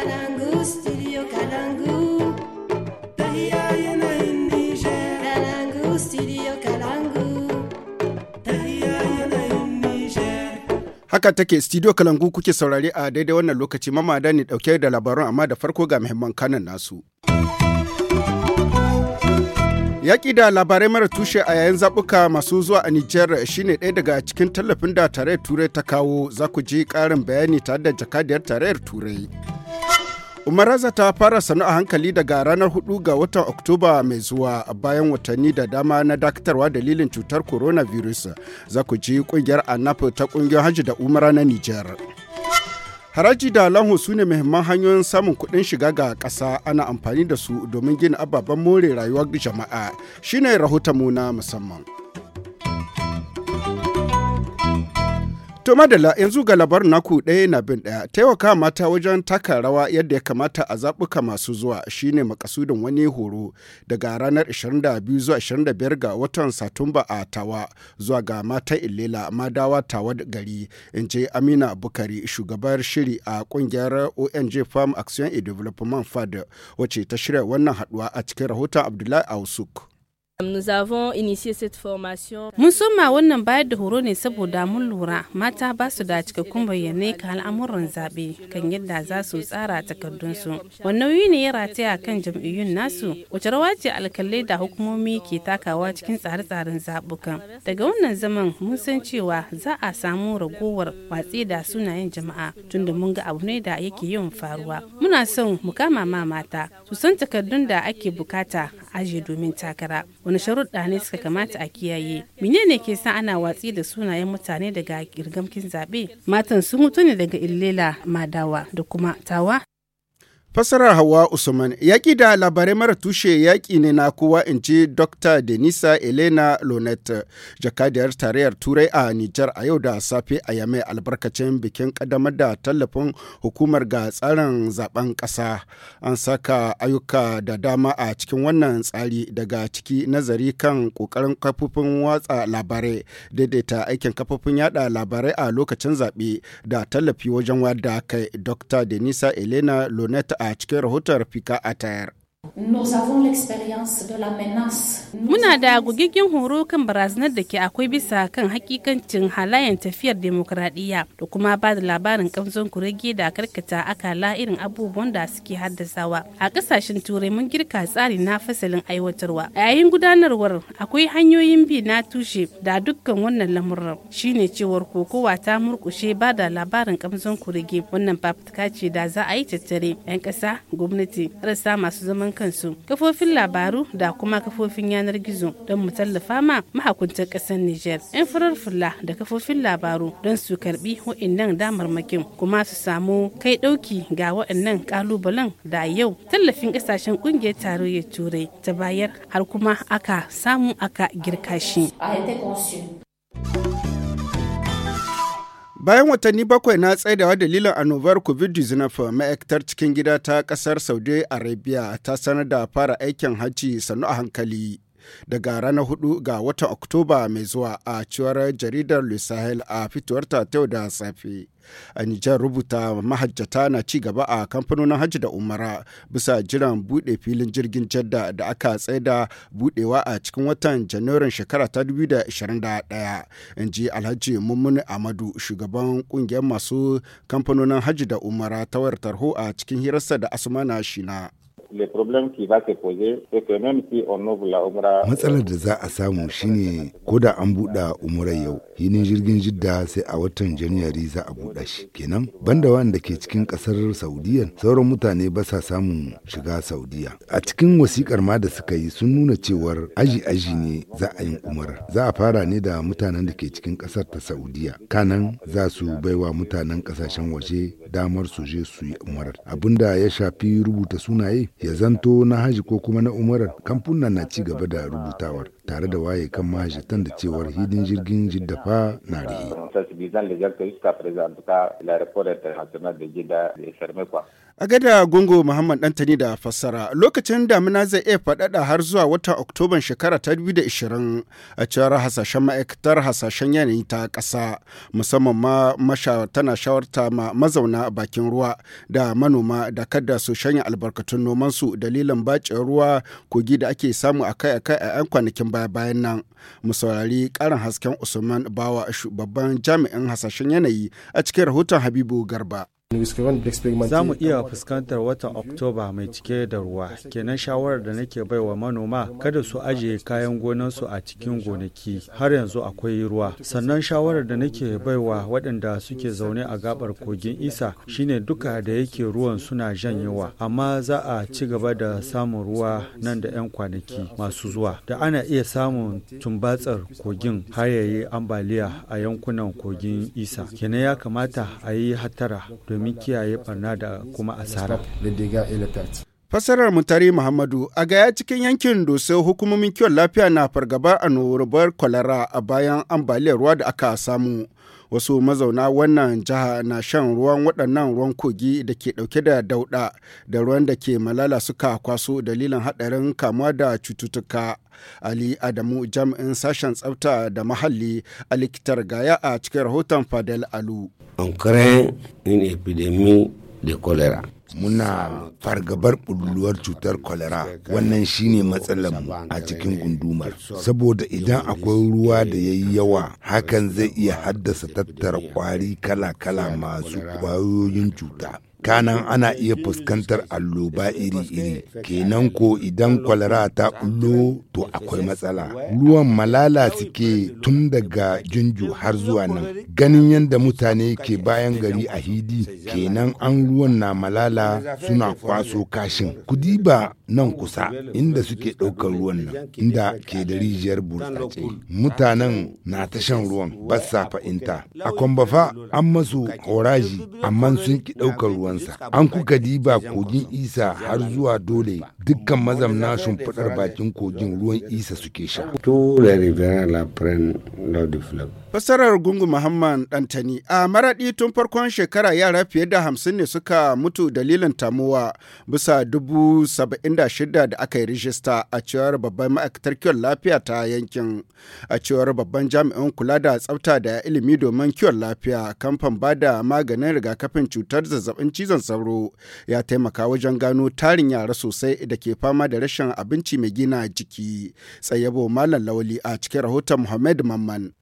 kalangu haka take studio kalangu kuke saurari a daidai wannan lokaci mamada ne dauke da labarun amma da farko ga muhimman kanan nasu Yaƙi da labarai mara tushe a yayin zaɓuka masu zuwa a Nijar shine ɗaya daga cikin tallafin da tarayyar Turai ta kawo za ku ji ƙarin bayani tare da jakadiyar tarayyar Turai. Umaraza ta fara sanu a hankali daga ranar 4 ga watan Oktoba mai zuwa bayan watanni da dama na dakatarwa dalilin cutar coronavirus. Za ku ji kungiyar ANAP ta kungiyar Hajji da Umara na Nijar. Haraji da lanho su ne muhimman hanyoyin samun kuɗin shiga ga ƙasa ana amfani da su domin gina ababen more rayuwar jama'a. Shine rahoton mu na musamman. To madalla yanzu ga labarin naku ɗaya na bin ɗaya taimaka mata wajen taka rawa yadda ya kamata a zaɓuka masu zuwa shine makasudin wani horo daga ranar 22 zuwa 25 ga watan Satumba a Tawa zuwa ga matan Ilela Madawa Tawa gari in je Amina Bukari shugabar shiri a kungiyar ONG Farm Action and Development Fund wacce ta shirya wannan haɗuwa a cikin rahoton Abdullahi Ausuk. Nous avons initié cette formation. Mun soma wannan bayar da horo ne saboda mun lura mata ba su da cikakkun bayanai ka al'amuran zaɓe kan yadda za su tsara takardunsu. Wannan yi ne ya rataya kan jam'iyyun nasu wace rawa ce alkalai da hukumomi ke takawa cikin tsare-tsaren zaɓukan. Daga wannan zaman mun san cewa za a samu ragowar watsi da sunayen jama'a tunda mun ga abu ne da yake yin faruwa. Muna son mu kama ma mata su san takardun da ake bukata ajiye domin takara wani sharuɗa ne suka kamata a kiyaye menene ke sa ana watsi da sunayen mutane daga girgamkin zaɓe matan sun mutu ne daga illela madawa da kuma tawa Fasarar Hawa Usman yaƙi da labarai mara tushe yaƙi ne na kowa in ji Dr. Denisa Elena Lonet, jakadiyar tarayyar Turai a Nijar a yau da safe a Yamai albarkacin bikin ƙaddamar da tallafin hukumar ga tsarin zaben ƙasa. An saka ayyuka da dama a cikin wannan tsari daga ciki nazari kan ƙoƙarin kafofin watsa labarai, daidaita aikin kafofin yada labarai a lokacin zaɓe da tallafi wajen wada kai Dr. Denisa Elena Lonet a a cikin rahoton Fika tayar Muna da gugiggen horo kan barazanar da ke akwai bisa kan hakikancin halayen tafiyar demokradiyya da kuma ba da labarin kamzon kurege da karkata akala irin abubuwan da suke haddasawa. A kasashen turai mun girka tsari na fasalin aiwatarwa. A yayin gudanarwar akwai hanyoyin bi na tushe da dukkan wannan lamurran shine cewar kokowa ta murkushe ba da labarin kamzon kurege wannan fafutuka ce da za a yi tattare 'yan ƙasa gwamnati rasa masu zaman kansu kafofin labaru da kuma kafofin yanar gizo don mu tallafa ma mahakuntan ƙasar Nijar. 'Yan farar fulla da kafofin labaru don su karbi wa'annan damarmakin kuma su samu kai ɗauki ga wa'annan ƙalubalen da yau tallafin ƙasashen ƙungiyar tarayyar turai ta bayar har kuma aka samu aka girka shi. Bayan watanni bakwai na tsaidawa dalilin annobar COVID-19 ma'aikatar cikin gida ta kasar Saudi Arabia ta sanar da fara aikin hajji sannu a hankali. daga ranar hudu ga watan Oktoba mai zuwa a cewar jaridar Lusahel a fitowarta ta yau da safe. a Nijar rubuta mahajjata na ci gaba a kamfanonin hajji da umara bisa jiran buɗe filin jirgin Jadda da aka tsaida buɗewa a cikin watan Janairun shekara ta 2021 in ji Alhaji Mummuni Amadu shugaban ƙungiyar masu kamfanonin hajji da umara ta wayar tarho a cikin hirarsa da Asumana Shina. Matsalar da za a samu shine ko da an buɗe umura yau, hinin jirgin jidda sai a watan Janairu za a buɗe shi. Kenan, banda wanda ke cikin ƙasar Saudiya, sauran mutane ba sa samun shiga Saudiya. A cikin wasikar ma da suka yi sun nuna cewar aji-aji ne za a yi umar. Za a fara ne da mutanen da ke cikin ƙasar ta Saudiya. Kanan za su baiwa mutanen ƙasashen waje damar su je su yi umarar. Abinda ya shafi rubuta sunaye ya zanto na haji ko kuma na umarar kamfunan na ci gaba da rubutawar tare da waye kan mahajjatan da cewar hidin jirgin jiddafa na rihe. A gada gungo Muhammad Dantani da fassara lokacin damina zai iya faɗaɗa har zuwa wata Oktoban shekara ta 2020 a cewar hasashen ma'aikatar hasashen yanayi ta ƙasa musamman ma masha tana shawarta ma mazauna bakin ruwa da manoma da kada su shanya albarkatun nomansu dalilin bacin ruwa kogi da ake samu akai-akai a 'yan kwanakin baya-bayan nan mu saurari karin hasken usman bawa babban jami'in hasashen yanayi a cikin rahoton habibu garba Za mu iya fuskantar watan Oktoba mai cike da ruwa, kenan shawarar da nake baiwa manoma kada su ajiye kayan gonansu a cikin gonaki har yanzu akwai ruwa. Sannan shawarar da nake baiwa waɗanda suke zaune a gabar kogin Isa shine duka da yake ruwan suna janyewa, amma za a ci gaba da samun ruwa nan da 'yan kwanaki masu zuwa. Da ana iya samun tumbatsar kogin har yayi ambaliya a yankunan kogin Isa. Kenan ya kamata a yi hattara domin kiyaye barna da kuma asara. Fasarar Mutare Muhammadu a gaya cikin yankin Dose hukumomin kiwon lafiya na fargaba a annobar kwalara a bayan ambaliyar ruwa da aka samu. wasu mazauna wannan jiha na shan ruwan waɗannan ruwan kogi da ke ɗauke da dauɗa da ruwan da ke malala suka kwaso dalilin haɗarin kamuwa da cututtuka ali adamu jami'in sashen tsafta da mahalli a likitar gaya a cikin rahoton fadel alu. de muna fargabar bulluwar cutar kwalera wannan shine mu a cikin gundumar saboda idan akwai ruwa da ya yi yawa hakan zai iya haddasa tattara kwari kala-kala masu kwayoyin cuta kanan ana iya fuskantar alloba iri-iri kenan ko idan kwalara ta ullo to akwai matsala ruwan malala suke tun daga junju har zuwa nan ganin yadda mutane ke bayan gari a hidi kenan an ruwan na malala suna kwaso kashin kudi ba nan kusa inda suke ɗaukar ruwan nan inda ke da rijiyar burtsatse mutanen na ta shan ruwan ba fa'inta a kwambafa an masu horaji amma sun ki ɗaukar ruwan kansa an kuka diba kogin isa har zuwa dole dukkan mazamna shimfiɗar bakin kogin ruwan isa suke sha. fasarar Gungu Muhammad Dantani a maraɗi tun farkon shekara yara fiye da hamsin ne suka mutu dalilin tamuwa bisa dubu saba'in da shida da aka yi rijista a cewar babban ma'aikatar kiwon lafiya ta yankin a cewar babban jami'in kula da tsafta da ilimi domin kiwon lafiya kamfan ba da maganin rigakafin cutar zazzabin cizon sauro ya taimaka wajen gano tarin yara sosai da da ke fama da rashin abinci mai gina jiki. Tsayabo Malam Lawali a cikin rahoton Muhammad Mamman.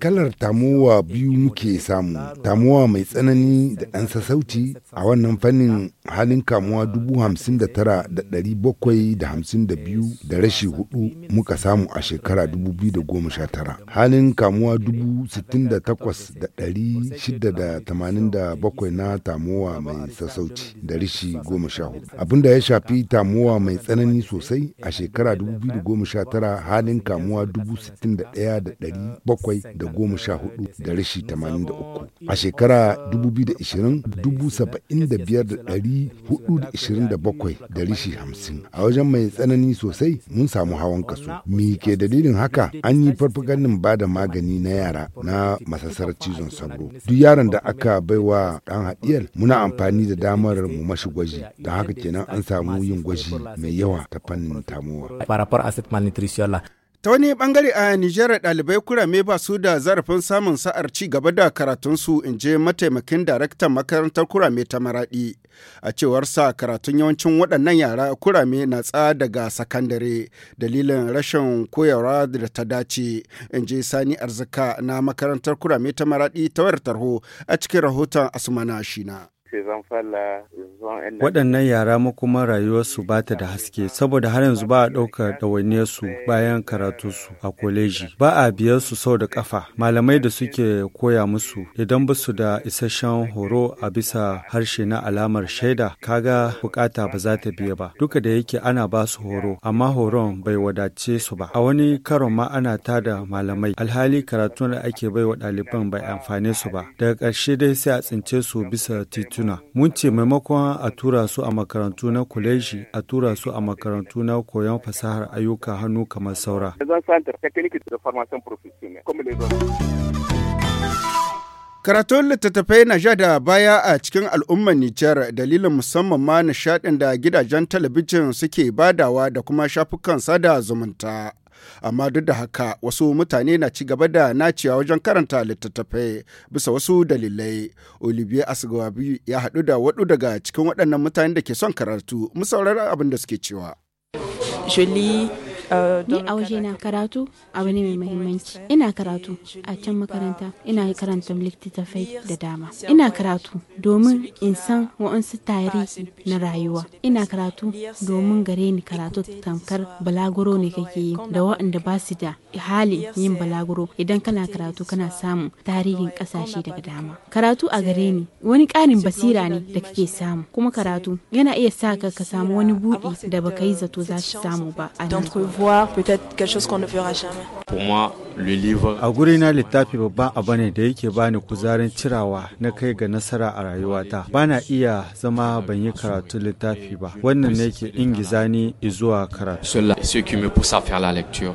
Kalar tamuwa biyu muke samu, tamuwa mai tsanani da ɗan sassauci a wannan fannin halin kamuwa dubu hamsin da tara da ɗari bakwai da hamsin da biyu da rashi hudu muka samu a shekara dubu biyu da goma sha tara. Halin kamuwa dubu sittin da takwas da ɗari shida da tamanin da bakwai na tamuwa mai sassauci da rashi goma sha hudu. abin da ya shafi tamuwa mai tsanani sosai a shekara 2019 halin kamuwa 61,714 da rashi 83 a shekara 2020 75,427 da rashi 50 a wajen mai tsanani sosai mun samu hawan kaso me ke dalilin haka an yi farfaganin ba da magani na yara na masasar cizon sauro duk yaron da aka baiwa dan haɗiyar muna amfani da damar mu mashi gwaji don haka haka kenan an samu yin gwaji mai yawa ta fannin tamuwa. Ta wani bangare a Nijar ɗalibai kurame ba su da zarafin samun sa'ar ci gaba da karatunsu in je mataimakin daraktan makarantar kurame ta maraɗi. A cewar sa karatun yawancin waɗannan yara kurame na tsa daga sakandare dalilin rashin koyarwa da ta dace in je sani arzika na makarantar kurame ta maraɗi ta wayar tarho a cikin rahoton Asumana Shina. Waɗannan yara makoma rayuwarsu ba ta da haske saboda har yanzu ba a ɗaukar ɗawainiyarsu bayan karatunsu a koleji. Ba a biyar su sau da ƙafa. Malamai da suke koya musu idan ba su da isasshen horo a bisa harshe na alamar shaida kaga bukata ba za ta biya ba. Duka da yake ana ba su horo amma horon bai wadace su ba. A wani karon ma ana tada malamai alhali karatun da ake bai wa ɗaliban bai amfane su ba. Daga ƙarshe dai sai a tsince su bisa titi tituna. Mun ce maimakon a tura su a makarantu na kuleji a tura su a makarantu na koyon fasahar ayyuka hannu kamar saura. Karatun littattafai na ja da baya a cikin al'ummar Nijar dalilin musamman ma nishaɗin da gidajen talabijin suke badawa da kuma shafukan sada zumunta. Amma duk da haka wasu mutane na ci gaba da nacewa wajen karanta littattafai bisa wasu dalilai. Olivier Asgawabi ya haɗu da waɗu daga cikin waɗannan mutane da ke son karatu, mu saurari abin da suke cewa. Jolie Ni a waje na karatu abu ne mai mahimmanci. Ina karatu a can makaranta ina karanta littattafai da dama. Ina karatu domin in san wa'ansu tarihi na rayuwa. Ina karatu domin gare ni karatu tamkar balaguro ne kake yi da waɗanda ba su da hali yin balaguro idan kana karatu kana samu tarihin ƙasashe daga dama. Karatu a gare ni wani karin basira ne da kake samu kuma karatu yana iya sa ka samu wani buɗi da baka yi zato za su samu ba a nan voir peut-être quelque chose qu'on ne verra jamais. Pour moi, le livre. A gurina littafi babban abu ne da yake bani kuzarin cirawa na kai ga nasara a rayuwata. Bana iya zama ban yi karatu littafi ba. Wannan ne ke ingiza zuwa karatu. Cela, ce qui me pousse à faire la lecture.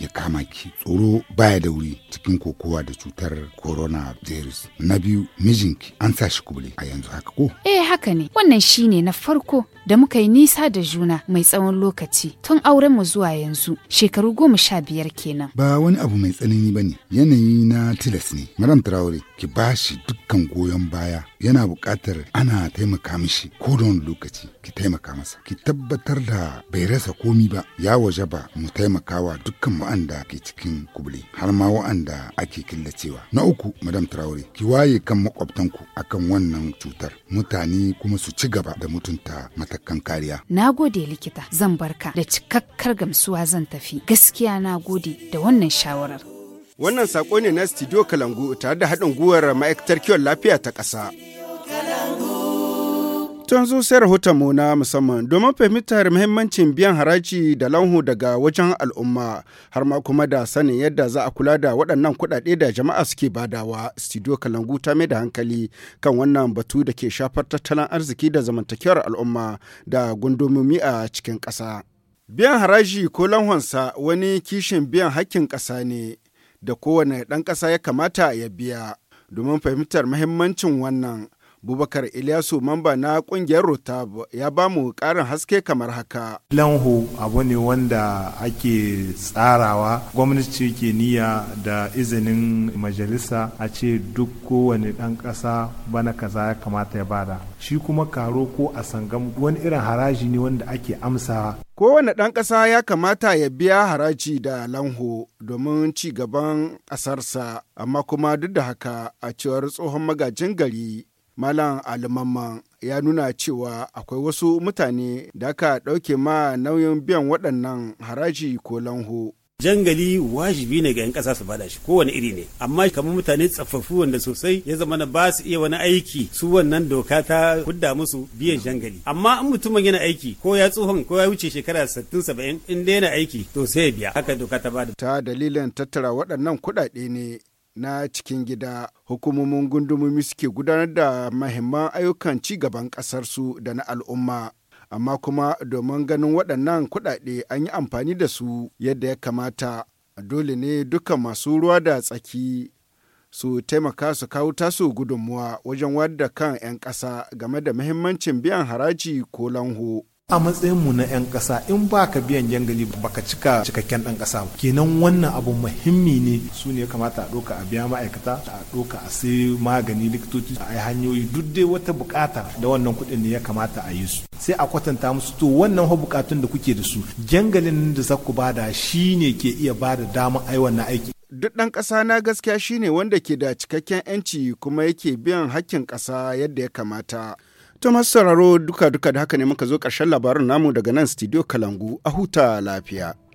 ya kama ki tsoro baya da wuri cikin kokowa da cutar coronavirus na biyu mijinki an sa shi kubule a yanzu haka ko eh haka ne wannan shine na farko da muka yi nisa da juna mai tsawon lokaci tun auren mu zuwa yanzu shekaru goma sha biyar kenan ba wani abu mai tsanani ba ne yanayi na tilas ne madam traore ki ba shi dukkan goyon baya yana buƙatar ana taimaka mishi ko da wani lokaci ki taimaka masa ki tabbatar da bai rasa komi ba ya waje ba mu taimakawa dukkan waɗanda ke cikin kubule har ma wa'anda ake killacewa. Na uku Madam Traore ki waye kan makwabtanku akan wannan cutar mutane kuma su ci gaba da mutunta matakan kariya. Na gode likita zan barka da cikakkar gamsuwa zan tafi gaskiya na gode da wannan shawarar. Wannan saƙo ne na Studio Kalangu tare da haɗin gwiwar ma'aikatar kiwon lafiya ta ƙasa. Tun zo sai rahoton mu na musamman domin fahimtar muhimmancin biyan haraji da lanhu daga wajen al'umma har ma kuma da sanin yadda za a kula da waɗannan kuɗaɗe da jama'a suke badawa. Studio Kalangu ta mai da hankali kan wannan batu da ke shafar tattalin arziki da zamantakewar al'umma da gundumomi a cikin ƙasa. Biyan haraji ko lanhonsa wani kishin biyan hakkin ƙasa ne da kowane ɗan ƙasa ya kamata ya biya. Domin fahimtar muhimmancin wannan Bubakar Ilyasu mamba na kungiyar Rotab ya ba mu karin haske kamar haka. lanhu abu ne wanda ake tsarawa gwamnati ke niyya da izinin majalisa a ce duk kowane ɗan ƙasa bana kaza ya kamata ya bada. Shi kuma karo ko a sangam wani irin haraji ne wanda ake amsa. Kowane ɗan ƙasa ya kamata ya biya haraji da lanho domin ci gaban ƙasarsa, amma kuma duk da haka a cewar tsohon magajin gari Malam Alimamman ya nuna cewa akwai wasu mutane da aka ɗauke ma nauyin biyan waɗannan haraji ko lanho. jangali wajibi ne ga 'yan kasa su bada shi kowane iri ne amma kamar mutane tsafaffu wanda sosai ya zama na ba su iya wani aiki su wannan doka ta hudda musu biyan jangali amma in mutumin yana aiki ko ya tsohon ko ya wuce shekara 60 saba'in in yana aiki to sai ya biya haka doka ta bada ta dalilin tattara waɗannan kuɗaɗe ne na cikin gida hukumomin gundumomi suke gudanar da mahimman ayyukan ci gaban ƙasarsu da na al'umma amma kuma domin ganin waɗannan kuɗaɗe an yi amfani da su yadda ya kamata dole ne dukkan masu ruwa da tsaki su taimaka su kawo tasu gudunmuwa wajen wadda kan 'yan ƙasa game da mahimmancin biyan haraji ko lanho. a matsayin mu na 'yan ƙasa in ba ka biyan jangali ka cika cikakken ɗan ƙasa ba kenan wannan abu muhimmi ne su ne kamata a ɗauka a biya ma'aikata a ɗauka a sai magani likitoci a hanyoyi duk dai wata bukata da wannan kuɗin ne ya kamata a yi su sai a kwatanta musu to wannan hau bukatun da kuke da su jangalin da za ku bada shi ne ke iya bada dama yi wannan aiki duk ɗan ƙasa na gaskiya shine wanda ke da cikakken 'yanci kuma yake biyan hakkin ƙasa yadda ya kamata To masu sauraro duka-duka da haka ne muka zo ƙarshen labarin namu daga nan studio Kalangu a huta lafiya.